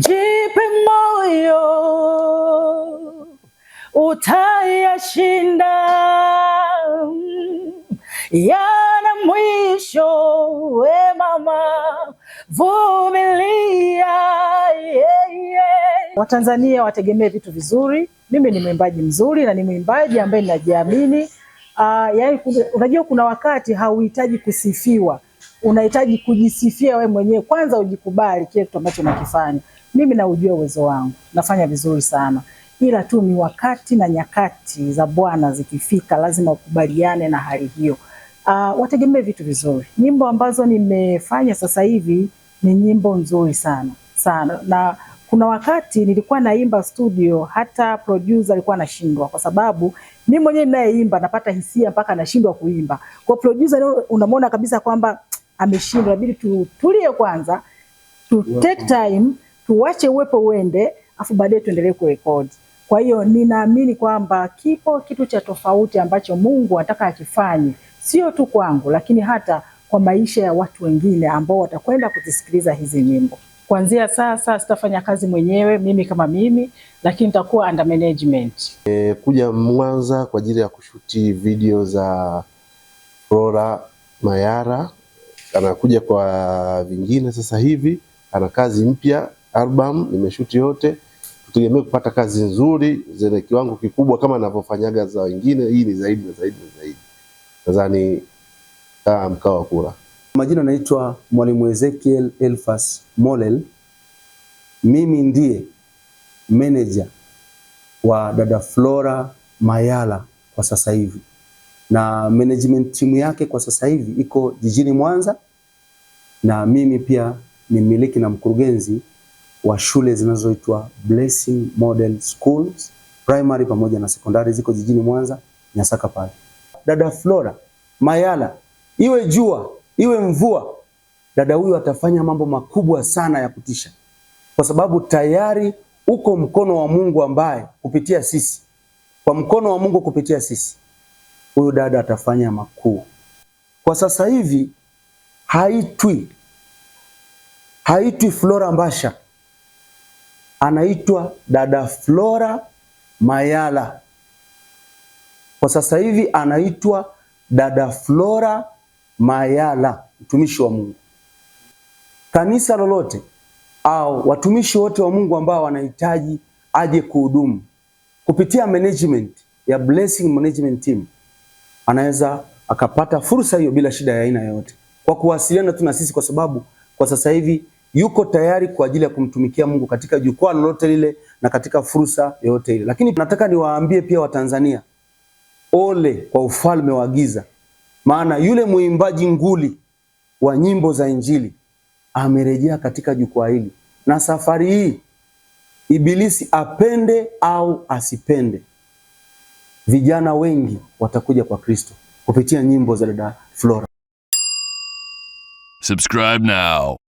Jipe moyo, utayashinda. Yana mwisho, we mama, vumilia. yeah, Watanzania wategemee vitu vizuri. Mimi ni mwimbaji mzuri na ni mwimbaji ambaye ninajiamini. Uh, ah, yaani unajua kuna wakati hauhitaji kusifiwa unahitaji kujisifia wewe mwenyewe kwanza, ujikubali kile kitu ambacho unakifanya. Mimi naujua uwezo wangu, nafanya vizuri sana, ila tu ni wakati na nyakati za Bwana zikifika, lazima ukubaliane na hali hiyo. Uh, wategemee vitu vizuri. Nyimbo ambazo nimefanya sasa hivi ni nyimbo nzuri sana sana, na kuna wakati nilikuwa naimba studio, hata producer alikuwa anashindwa, kwa sababu mimi mwenyewe ninayeimba napata hisia mpaka nashindwa kuimba. Kwa producer unamwona kabisa kwamba ameshindwa, inabidi tutulie kwanza, tu take time, tuwache uwepo uende, afu baadaye tuendelee kurekodi. Kwa hiyo ninaamini kwamba kipo kitu cha tofauti ambacho Mungu anataka akifanye, sio tu kwangu, lakini hata kwa maisha ya watu wengine ambao watakwenda kuzisikiliza hizi nyimbo. Kuanzia sasa sitafanya kazi mwenyewe mimi kama mimi, lakini nitakuwa under management. E, kuja Mwanza kwa ajili ya kushuti video za Flora Mayara anakuja kwa vingine sasa hivi, ana kazi mpya album, nimeshuti yote. Tutegemee kupata kazi nzuri zenye kiwango kikubwa kama anavyofanyaga za wengine. Hii ni zaidi na zaidi na zaidi. Nadhani mkao wa kura. Majina naitwa Mwalimu Ezekiel Elfas Molel. Mimi ndiye meneja wa dada Flora Mayala kwa sasa hivi na management timu yake kwa sasa hivi iko jijini Mwanza, na mimi pia ni mmiliki na mkurugenzi wa shule zinazoitwa Blessing Model Schools primary pamoja na sekondari ziko jijini Mwanza Nyasaka pale. Dada Flora Mayala, iwe jua iwe mvua, dada huyu atafanya mambo makubwa sana ya kutisha, kwa sababu tayari uko mkono wa Mungu ambaye kupitia sisi, kwa mkono wa Mungu kupitia sisi huyu dada atafanya makuu. Kwa sasa hivi haitwi haitwi Flora Mbasha, anaitwa dada Flora Mayala. Kwa sasa hivi anaitwa dada Flora Mayala, mtumishi wa Mungu. Kanisa lolote au watumishi wote wa Mungu ambao wanahitaji aje kuhudumu kupitia management ya Blessing Management Team anaweza akapata fursa hiyo bila shida ya aina yoyote, kwa kuwasiliana tu na sisi, kwa sababu kwa sasa hivi yuko tayari kwa ajili ya kumtumikia Mungu katika jukwaa lolote lile na katika fursa yoyote ile. Lakini nataka niwaambie pia Watanzania, ole kwa ufalme wa giza, maana yule mwimbaji nguli wa nyimbo za Injili amerejea katika jukwaa hili, na safari hii Ibilisi apende au asipende vijana wengi watakuja kwa Kristo kupitia nyimbo za dada Flora. Subscribe now.